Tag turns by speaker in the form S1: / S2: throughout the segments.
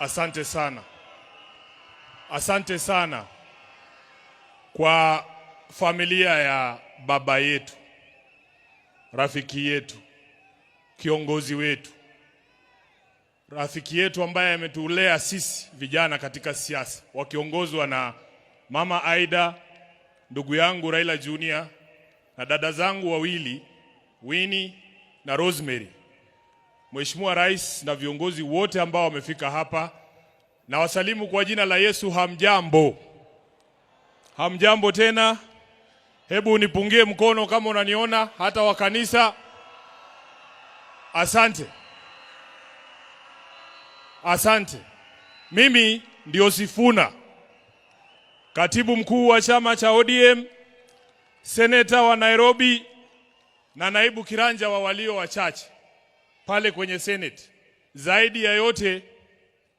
S1: Asante sana, asante sana kwa familia ya baba yetu, rafiki yetu, kiongozi wetu, rafiki yetu ambaye ametulea sisi vijana katika siasa, wakiongozwa na mama Aida, ndugu yangu Raila Junior na dada zangu wawili Winnie na Rosemary. Mheshimiwa Rais na viongozi wote ambao wamefika hapa, na wasalimu kwa jina la Yesu. Hamjambo, hamjambo tena. Hebu nipungie mkono kama unaniona, hata wa kanisa. Asante, asante. Mimi ndio Sifuna, katibu mkuu wa chama cha ODM, seneta wa Nairobi na naibu kiranja wa walio wachache pale kwenye Senate. Zaidi ya yote,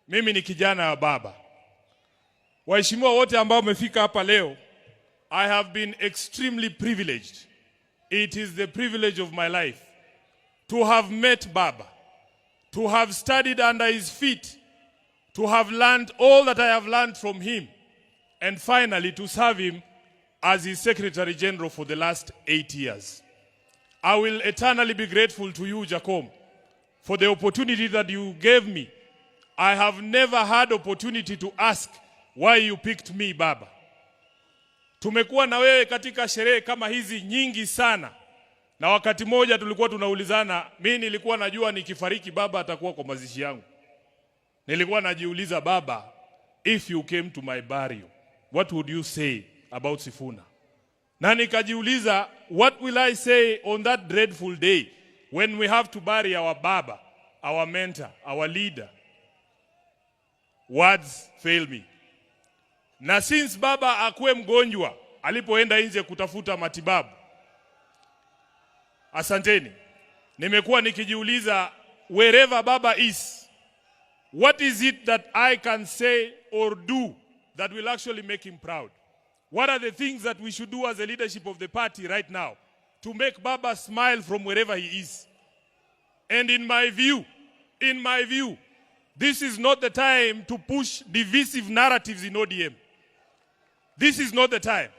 S1: mimi ni kijana wa baba. Waheshimiwa wote ambao mmefika hapa leo, I have been extremely privileged. It is the privilege of my life to have met Baba, to have studied under his feet, to have learned all that I have learned from him, and finally to serve him as his Secretary General for the last eight years. I will eternally be grateful to you, Jacome, for the opportunity that you gave me. I have never had opportunity to ask why you picked me Baba. Tumekuwa na wewe katika sherehe kama hizi nyingi sana, na wakati moja tulikuwa tunaulizana, mi nilikuwa najua nikifariki baba atakuwa kwa mazishi yangu. Nilikuwa najiuliza baba, if you came to my burial what would you say about Sifuna? Na nikajiuliza what will I say on that dreadful day when we have to bury our Baba, our mentor, our leader, words fail me. Na since Baba akuwe mgonjwa alipoenda nje kutafuta matibabu, asanteni, nimekuwa nikijiuliza wherever Baba is, what is it that I can say or do that will actually make him proud? What are the things that we should do as a leadership of the party right now? to make Baba smile from wherever he is. And in my view, in my view, this is not the time to push divisive narratives in ODM. This is not the time.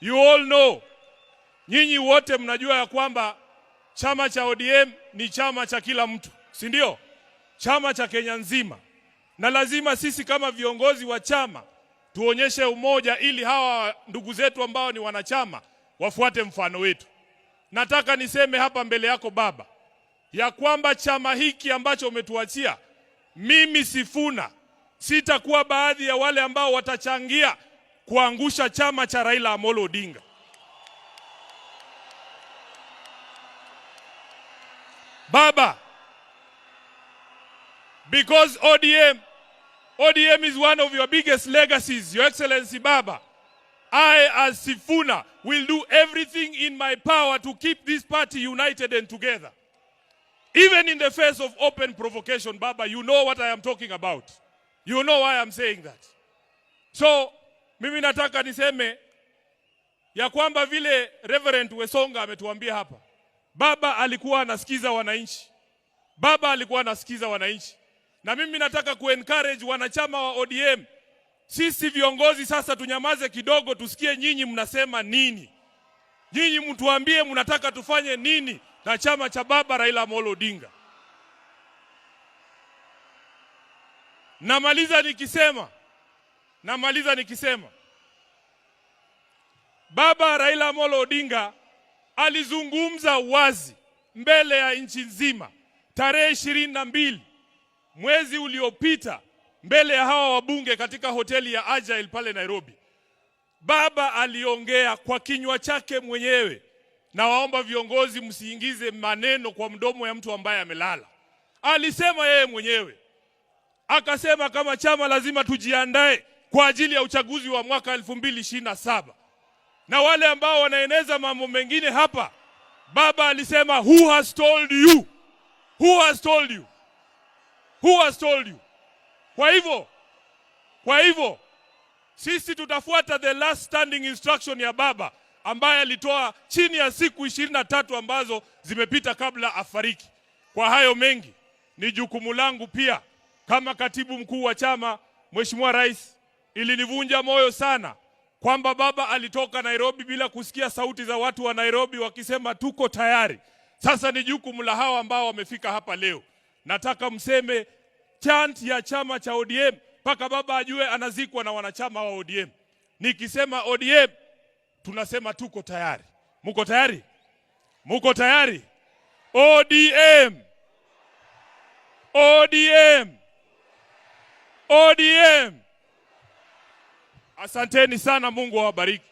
S1: You all know, nyinyi wote mnajua ya kwamba chama cha ODM ni chama cha kila mtu, si ndio? Chama cha Kenya nzima, na lazima sisi kama viongozi wa chama tuonyeshe umoja ili hawa ndugu zetu ambao ni wanachama wafuate mfano wetu. Nataka niseme hapa mbele yako Baba ya kwamba chama hiki ambacho umetuachia, mimi Sifuna sitakuwa baadhi ya wale ambao watachangia kuangusha chama cha Raila Amolo Odinga. Baba, because ODM, ODM is one of your biggest legacies, Your Excellency Baba. I, as Sifuna, will do everything in my power to keep this party united and together. Even in the face of open provocation, Baba, you know what I am talking about. You know why I'm saying that. So, mimi nataka niseme ya kwamba vile Reverend Wesonga ametuambia hapa, Baba alikuwa anasikiza wananchi. Baba alikuwa anasikiza wananchi, na mimi nataka kuencourage wanachama wa ODM sisi viongozi sasa tunyamaze kidogo, tusikie nyinyi mnasema nini, nyinyi mtuambie mnataka tufanye nini na chama cha baba Raila Amolo Odinga. Namaliza nikisema namaliza nikisema baba Raila Amolo Odinga alizungumza wazi mbele ya nchi nzima tarehe ishirini na mbili mwezi uliopita mbele ya hawa wabunge katika hoteli ya Agile pale Nairobi. Baba aliongea kwa kinywa chake mwenyewe. Na waomba viongozi msiingize maneno kwa mdomo ya mtu ambaye amelala. Alisema yeye mwenyewe, akasema kama chama lazima tujiandae kwa ajili ya uchaguzi wa mwaka 2027 na na wale ambao wanaeneza mambo mengine hapa, baba alisema who has told you? Who has told you? Who has told you? Kwa hivyo kwa hivyo sisi tutafuata the last standing instruction ya baba ambaye alitoa chini ya siku ishirini na tatu ambazo zimepita kabla afariki. Kwa hayo mengi, ni jukumu langu pia kama katibu mkuu wa chama. Mheshimiwa Rais, ilinivunja moyo sana kwamba baba alitoka Nairobi bila kusikia sauti za watu wa Nairobi wakisema tuko tayari. Sasa ni jukumu la hawa ambao wamefika hapa leo, nataka mseme chant ya chama cha ODM mpaka baba ajue anazikwa na wanachama wa ODM. Nikisema ODM tunasema tuko tayari. Muko tayari? Muko tayari? ODM, ODM, ODM. Asanteni sana, Mungu awabariki.